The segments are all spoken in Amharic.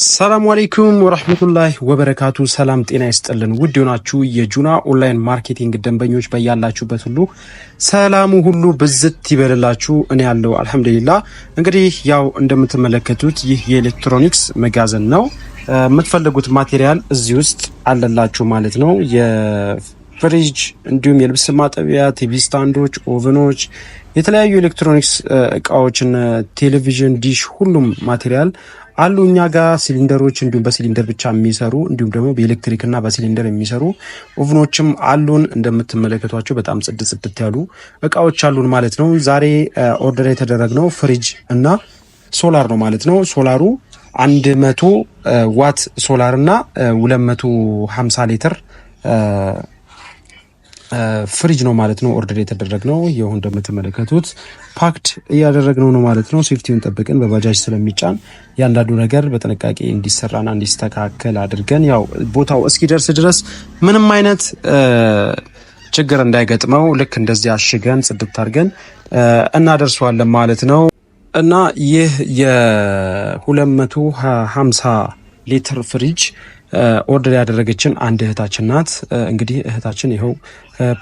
ሰላሙ አሌይኩም ወረህመቱላህ ወበረካቱ። ሰላም ጤና ይስጥልን። ውድ የሆናችሁ የጁና ኦንላይን ማርኬቲንግ ደንበኞች በያላችሁበት ሁሉ ሰላሙ ሁሉ ብዝት ይበልላችሁ። እኔ ያለው አልሐምዱሊላ። እንግዲህ ያው እንደምትመለከቱት ይህ የኤሌክትሮኒክስ መጋዘን ነው። የምትፈልጉት ማቴሪያል እዚህ ውስጥ አለላችሁ ማለት ነው። ፍሪጅ እንዲሁም የልብስ ማጠቢያ፣ ቲቪ ስታንዶች፣ ኦቨኖች፣ የተለያዩ ኤሌክትሮኒክስ እቃዎችን፣ ቴሌቪዥን ዲሽ፣ ሁሉም ማቴሪያል አሉ እኛ ጋር ሲሊንደሮች እንዲሁም በሲሊንደር ብቻ የሚሰሩ እንዲሁም ደግሞ በኤሌክትሪክና በሲሊንደር የሚሰሩ ኦቭኖችም አሉን። እንደምትመለከቷቸው በጣም ጽድት ጽድት ያሉ እቃዎች አሉን ማለት ነው። ዛሬ ኦርደር የተደረግነው ፍሪጅ እና ሶላር ነው ማለት ነው። ሶላሩ አንድ መቶ ዋት ሶላር እና ሁለት መቶ ሀምሳ ሊትር ፍሪጅ ነው ማለት ነው። ኦርደር ነው ይሁን እንደምትመለከቱት ፓክድ እያደረግነው ነው ማለት ነው። ሴፍቲውን ጠብቅን በባጃጅ ስለሚጫን ያንዳንዱ ነገር በጥንቃቄ እንዲሰራና እንዲስተካከል አድርገን ያው ቦታው እስኪደርስ ድረስ ምንም አይነት ችግር እንዳይገጥመው ልክ እንደዚህ አሽገን ጽድት አድርገን እናደርሰዋለን ማለት ነው እና ይህ የ250 ሊትር ፍሪጅ ኦርደር ያደረገችን አንድ እህታችን ናት። እንግዲህ እህታችን ይኸው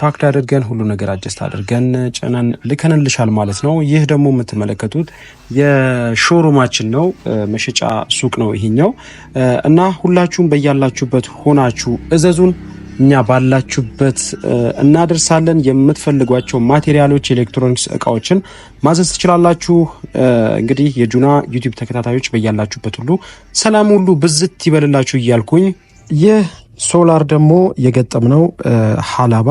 ፓክድ አድርገን ሁሉ ነገር አጀስት አድርገን ጭነን ልከንልሻል ማለት ነው። ይህ ደግሞ የምትመለከቱት የሾሩማችን ነው፣ መሸጫ ሱቅ ነው ይሄኛው እና ሁላችሁም በያላችሁበት ሆናችሁ እዘዙን። እኛ ባላችሁበት እናደርሳለን። የምትፈልጓቸው ማቴሪያሎች፣ ኤሌክትሮኒክስ እቃዎችን ማዘዝ ትችላላችሁ። እንግዲህ የጁና ዩቲዩብ ተከታታዮች በያላችሁበት ሁሉ ሰላም ሁሉ ብዝት ይበልላችሁ እያልኩኝ ይህ ሶላር ደግሞ የገጠምነው ሀላባ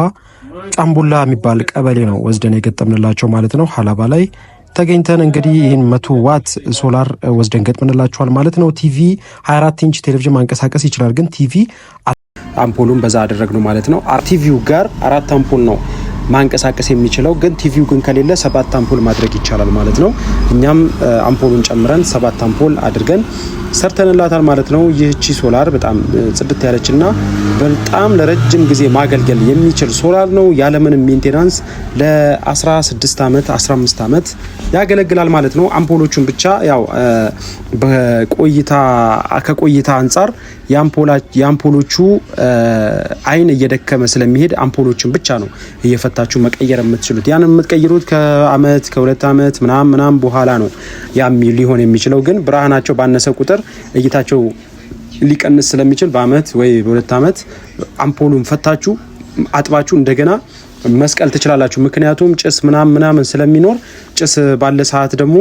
ጫምቡላ የሚባል ቀበሌ ነው ወስደን የገጠምንላቸው ማለት ነው። ሀላባ ላይ ተገኝተን እንግዲህ ይህን መቶ ዋት ሶላር ወስደን ገጥምንላችኋል ማለት ነው። ቲቪ 24 ኢንች ቴሌቪዥን ማንቀሳቀስ ይችላል፣ ግን ቲቪ አምፖሉን በዛ አደረግነው ማለት ነው። ቲቪው ጋር አራት አምፖል ነው ማንቀሳቀስ የሚችለው ግን ቲቪው ግን ከሌለ ሰባት አምፖል ማድረግ ይቻላል ማለት ነው። እኛም አምፖሉን ጨምረን ሰባት አምፖል አድርገን ሰርተንላታል ማለት ነው። ይህቺ ሶላር በጣም ጽድት ያለች እና በጣም ለረጅም ጊዜ ማገልገል የሚችል ሶላር ነው። ያለምንም ሜንቴናንስ ለ16 ዓመት 15 ዓመት ያገለግላል ማለት ነው። አምፖሎቹን ብቻ ያው በቆይታ ከቆይታ አንጻር የአምፖሎቹ አይን እየደከመ ስለሚሄድ አምፖሎችን ብቻ ነው እየፈታችሁ መቀየር የምትችሉት። ያን የምትቀይሩት ከአመት ከሁለት ዓመት ምናም ምናም በኋላ ነው ያም ሊሆን የሚችለው ግን ብርሃናቸው ባነሰ ቁጥር በመሞከር እይታቸው ሊቀንስ ስለሚችል በአመት ወይ በሁለት አመት አምፖሉን ፈታችሁ አጥባችሁ እንደገና መስቀል ትችላላችሁ። ምክንያቱም ጭስ ምናምን ምናምን ስለሚኖር ጭስ ባለ ሰዓት ደግሞ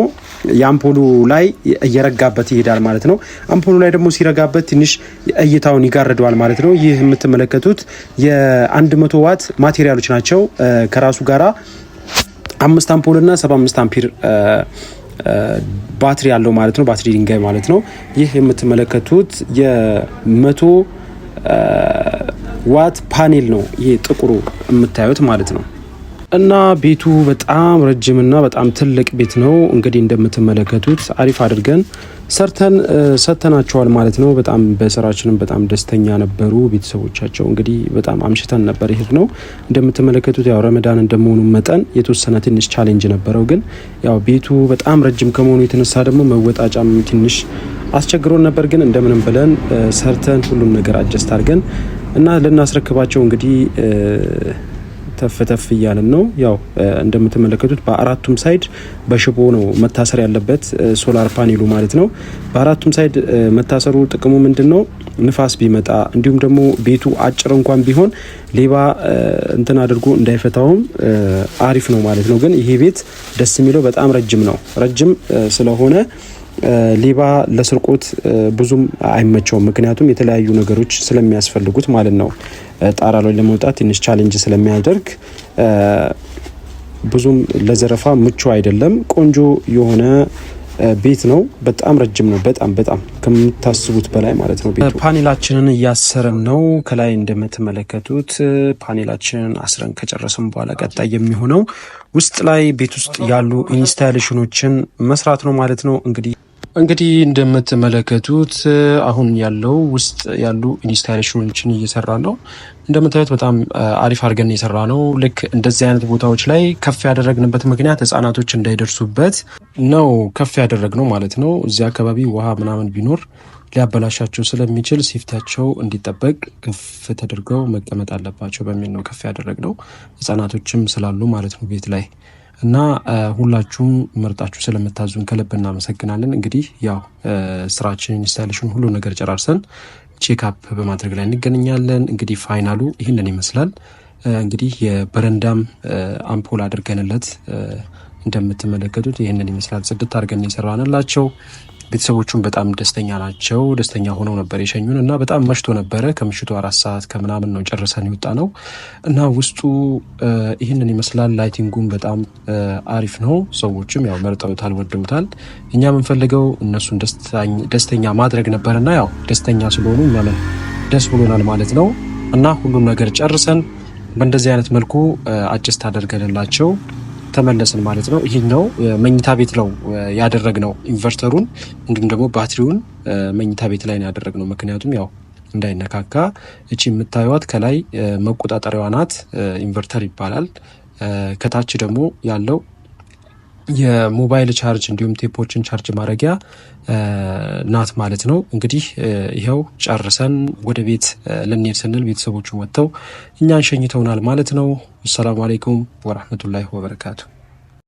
የአምፖሉ ላይ እየረጋበት ይሄዳል ማለት ነው። አምፖሉ ላይ ደግሞ ሲረጋበት ትንሽ እይታውን ይጋርደዋል ማለት ነው። ይህ የምትመለከቱት የ100 ዋት ማቴሪያሎች ናቸው ከራሱ ጋራ አምስት አምፖልና 75 አምፒር ባትሪ ያለው ማለት ነው። ባትሪ ድንጋይ ማለት ነው። ይህ የምትመለከቱት የመቶ ዋት ፓኔል ነው። ይሄ ጥቁሩ የምታዩት ማለት ነው። እና ቤቱ በጣም ረጅምና በጣም ትልቅ ቤት ነው። እንግዲህ እንደምትመለከቱት አሪፍ አድርገን ሰርተን ሰጥተናቸዋል ማለት ነው። በጣም በስራችንም በጣም ደስተኛ ነበሩ ቤተሰቦቻቸው። እንግዲህ በጣም አምሽተን ነበር ይሄድ ነው እንደምትመለከቱት ያው ረመዳን እንደመሆኑ መጠን የተወሰነ ትንሽ ቻሌንጅ ነበረው። ግን ያው ቤቱ በጣም ረጅም ከመሆኑ የተነሳ ደግሞ መወጣጫም ትንሽ አስቸግሮን ነበር። ግን እንደምንም ብለን ሰርተን ሁሉም ነገር አጀስት አድርገን እና ልናስረክባቸው እንግዲህ ተፍ ተፍ እያልን ነው። ያው እንደምትመለከቱት በአራቱም ሳይድ በሽቦ ነው መታሰር ያለበት ሶላር ፓኔሉ ማለት ነው። በአራቱም ሳይድ መታሰሩ ጥቅሙ ምንድን ነው? ንፋስ ቢመጣ እንዲሁም ደግሞ ቤቱ አጭር እንኳን ቢሆን ሌባ እንትን አድርጎ እንዳይፈታውም አሪፍ ነው ማለት ነው። ግን ይሄ ቤት ደስ የሚለው በጣም ረጅም ነው። ረጅም ስለሆነ ሌባ ለስርቆት ብዙም አይመቸውም። ምክንያቱም የተለያዩ ነገሮች ስለሚያስፈልጉት ማለት ነው። ጣራ ላይ ለመውጣት ትንሽ ቻሌንጅ ስለሚያደርግ ብዙም ለዘረፋ ምቹ አይደለም። ቆንጆ የሆነ ቤት ነው። በጣም ረጅም ነው። በጣም በጣም ከምታስቡት በላይ ማለት ነው። ቤቱ ፓኔላችንን እያሰረን ነው። ከላይ እንደምትመለከቱት ፓኔላችንን አስረን ከጨረስን በኋላ ቀጣይ የሚሆነው ውስጥ ላይ ቤት ውስጥ ያሉ ኢንስታሌሽኖችን መስራት ነው ማለት ነው እንግዲህ እንግዲህ እንደምትመለከቱት አሁን ያለው ውስጥ ያሉ ኢንስታሌሽኖችን እየሰራ ነው። እንደምታዩት በጣም አሪፍ አድርገን የሰራ ነው። ልክ እንደዚህ አይነት ቦታዎች ላይ ከፍ ያደረግንበት ምክንያት ህጻናቶች እንዳይደርሱበት ነው ከፍ ያደረግነው ማለት ነው። እዚህ አካባቢ ውሃ ምናምን ቢኖር ሊያበላሻቸው ስለሚችል ሴፍቲያቸው እንዲጠበቅ ከፍ ተደርገው መቀመጥ አለባቸው በሚል ነው ከፍ ያደረግነው። ህጻናቶችም ስላሉ ማለት ነው ቤት ላይ እና ሁላችሁም መርጣችሁ ስለምታዙን ከልብ እናመሰግናለን። እንግዲህ ያው ስራችን ኢንስታሌሽን፣ ሁሉ ነገር ጨራርሰን ቼክአፕ በማድረግ ላይ እንገናኛለን። እንግዲህ ፋይናሉ ይህንን ይመስላል። እንግዲህ የበረንዳም አምፖል አድርገንለት እንደምትመለከቱት ይህንን ይመስላል። ጽድት አድርገን የሰራንላቸው ቤተሰቦቹን በጣም ደስተኛ ናቸው። ደስተኛ ሆነው ነበር የሸኙን እና በጣም መሽቶ ነበረ። ከምሽቱ አራት ሰዓት ከምናምን ነው ጨርሰን የወጣ ነው እና ውስጡ ይህንን ይመስላል። ላይቲንጉም በጣም አሪፍ ነው። ሰዎችም ያው መርጠውታል፣ ወድሙታል። እኛ የምንፈልገው እነሱን ደስተኛ ማድረግ ነበር እና ያው ደስተኛ ስለሆኑ እኛም ደስ ብሎናል ማለት ነው እና ሁሉም ነገር ጨርሰን በእንደዚህ አይነት መልኩ አጭስት አደርገንላቸው ተመለስን ማለት ነው። ነው መኝታ ቤት ነው ያደረግነው ኢንቨርተሩን፣ እንዲሁም ደግሞ ባትሪውን መኝታ ቤት ላይ ነው ያደረግነው። ምክንያቱም ያው እንዳይነካካ። እቺ የምታዩዋት ከላይ መቆጣጠሪዋናት ናት፣ ኢንቨርተር ይባላል። ከታች ደግሞ ያለው የሞባይል ቻርጅ እንዲሁም ቴፖችን ቻርጅ ማድረጊያ ናት ማለት ነው። እንግዲህ ይኸው ጨርሰን ወደ ቤት ልንሄድ ስንል ቤተሰቦቹ ወጥተው እኛን ሸኝተውናል ማለት ነው። አሰላሙ አሌይኩም ወራህመቱላሂ ወበረካቱ።